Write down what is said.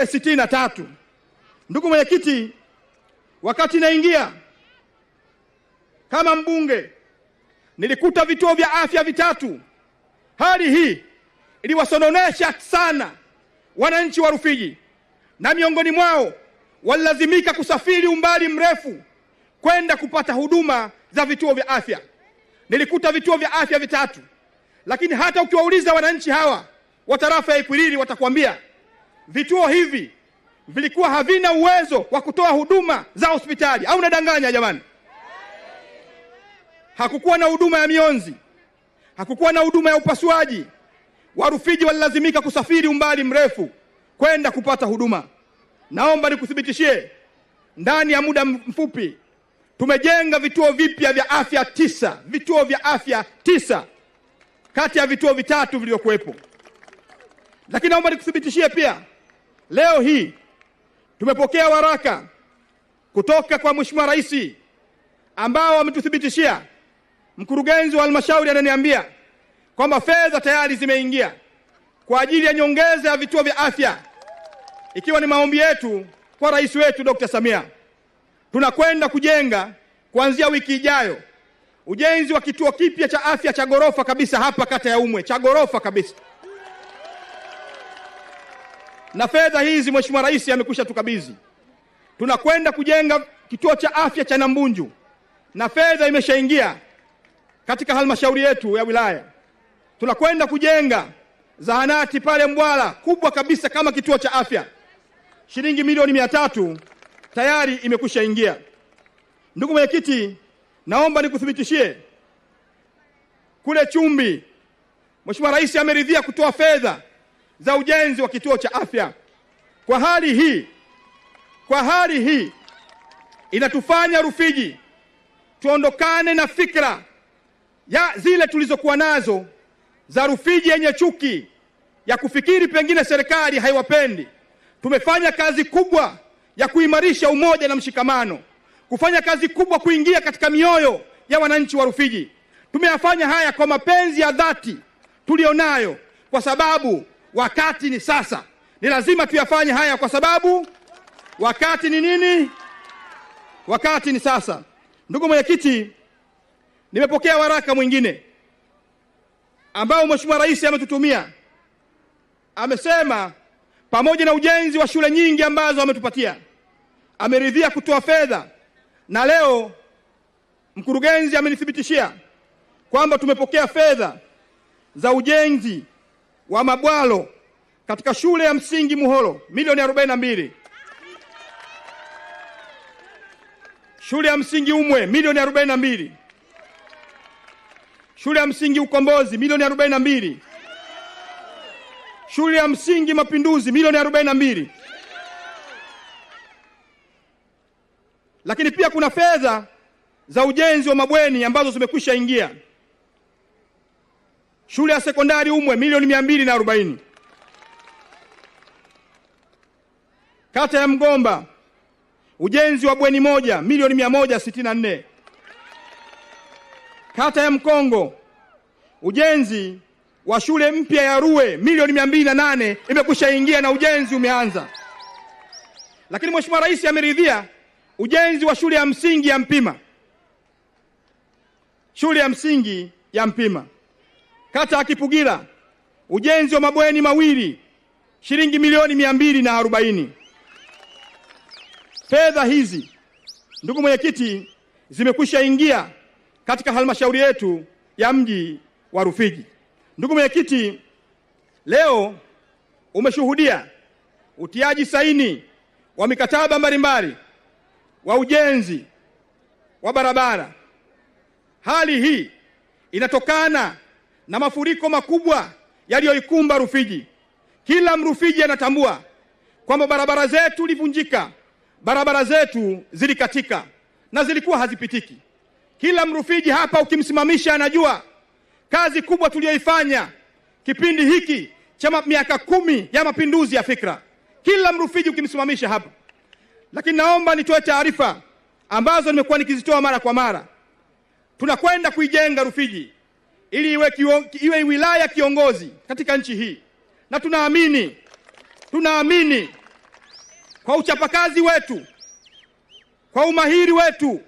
Eh, sitini na tatu. Ndugu mwenyekiti, wakati naingia kama mbunge nilikuta vituo vya afya vitatu. Hali hii iliwasononesha sana wananchi wa Rufiji, na miongoni mwao walilazimika kusafiri umbali mrefu kwenda kupata huduma za vituo vya afya. Nilikuta vituo vya afya vitatu, lakini hata ukiwauliza wananchi hawa wa tarafa ya Ikwiriri watakwambia Vituo hivi vilikuwa havina uwezo wa kutoa huduma za hospitali au nadanganya jamani? Hakukuwa na huduma ya mionzi, hakukuwa na huduma ya upasuaji. Warufiji walilazimika kusafiri umbali mrefu kwenda kupata huduma. Naomba nikuthibitishie, ndani ya muda mfupi tumejenga vituo vipya vya afya tisa, vituo vya afya tisa kati ya vituo vitatu vilivyokuwepo. Lakini naomba nikuthibitishie pia Leo hii tumepokea waraka kutoka kwa Mheshimiwa Rais ambao wametuthibitishia, mkurugenzi wa halmashauri ananiambia kwamba fedha tayari zimeingia kwa ajili ya nyongeza ya vituo vya afya, ikiwa ni maombi yetu kwa rais wetu Dr. Samia. Tunakwenda kujenga kuanzia wiki ijayo ujenzi wa kituo kipya cha afya cha ghorofa kabisa hapa kata ya Umwe, cha ghorofa kabisa na fedha hizi Mheshimiwa Rais amekwisha tukabidhi. Tunakwenda kujenga kituo cha afya cha Nambunju na fedha imeshaingia katika halmashauri yetu ya wilaya. Tunakwenda kujenga zahanati pale Mbwala kubwa kabisa kama kituo cha afya, shilingi milioni mia tatu tayari imekwisha ingia. Ndugu mwenyekiti, naomba nikuthibitishie kule Chumbi, Mheshimiwa Rais ameridhia kutoa fedha za ujenzi wa kituo cha afya. Kwa hali hii, kwa hali hii inatufanya Rufiji tuondokane na fikra ya zile tulizokuwa nazo za Rufiji yenye chuki ya kufikiri pengine serikali haiwapendi. Tumefanya kazi kubwa ya kuimarisha umoja na mshikamano, kufanya kazi kubwa kuingia katika mioyo ya wananchi wa Rufiji. Tumeyafanya haya kwa mapenzi ya dhati tulionayo, kwa sababu wakati ni sasa. Ni lazima tuyafanye haya kwa sababu wakati ni nini? Wakati ni sasa. Ndugu mwenyekiti, nimepokea waraka mwingine ambao Mheshimiwa Rais ametutumia. Amesema pamoja na ujenzi wa shule nyingi ambazo ametupatia, ameridhia kutoa fedha, na leo mkurugenzi amenithibitishia kwamba tumepokea fedha za ujenzi wa mabwalo katika shule ya msingi Muholo milioni mbili. shule ya msingi Umwe milioni mbili. shule ya msingi Ukombozi milioni mbili shule ya msingi Mapinduzi milioni mbili. Lakini pia kuna fedha za ujenzi wa mabweni ambazo zimekwisha ingia shule ya sekondari Umwe milioni mia mbili na arobaini, kata ya Mgomba ujenzi wa bweni moja milioni mia moja sitini na nne, kata ya Mkongo ujenzi wa shule mpya ya Ruwe milioni mia mbili na nane imekwisha ingia na ujenzi umeanza. Lakini Mheshimiwa Rais ameridhia ujenzi wa shule ya msingi ya Mpima, shule ya msingi ya Mpima kata ya Kipugira, ujenzi wa mabweni mawili shilingi milioni mia mbili na arobaini. Fedha hizi ndugu mwenyekiti, zimekwisha ingia katika halmashauri yetu ya mji wa Rufiji. Ndugu mwenyekiti, leo umeshuhudia utiaji saini wa mikataba mbalimbali wa ujenzi wa barabara. Hali hii inatokana na mafuriko makubwa yaliyoikumba Rufiji. Kila Mrufiji anatambua kwamba barabara zetu livunjika, barabara zetu zilikatika na zilikuwa hazipitiki. Kila Mrufiji hapa ukimsimamisha, anajua kazi kubwa tuliyoifanya kipindi hiki cha miaka kumi ya mapinduzi ya fikra. Kila Mrufiji ukimsimamisha hapa. Lakini naomba nitoe taarifa ambazo nimekuwa nikizitoa mara kwa mara. Tunakwenda kuijenga Rufiji ili iwe, kion, iwe wilaya kiongozi katika nchi hii, na tunaamini tunaamini kwa uchapakazi wetu, kwa umahiri wetu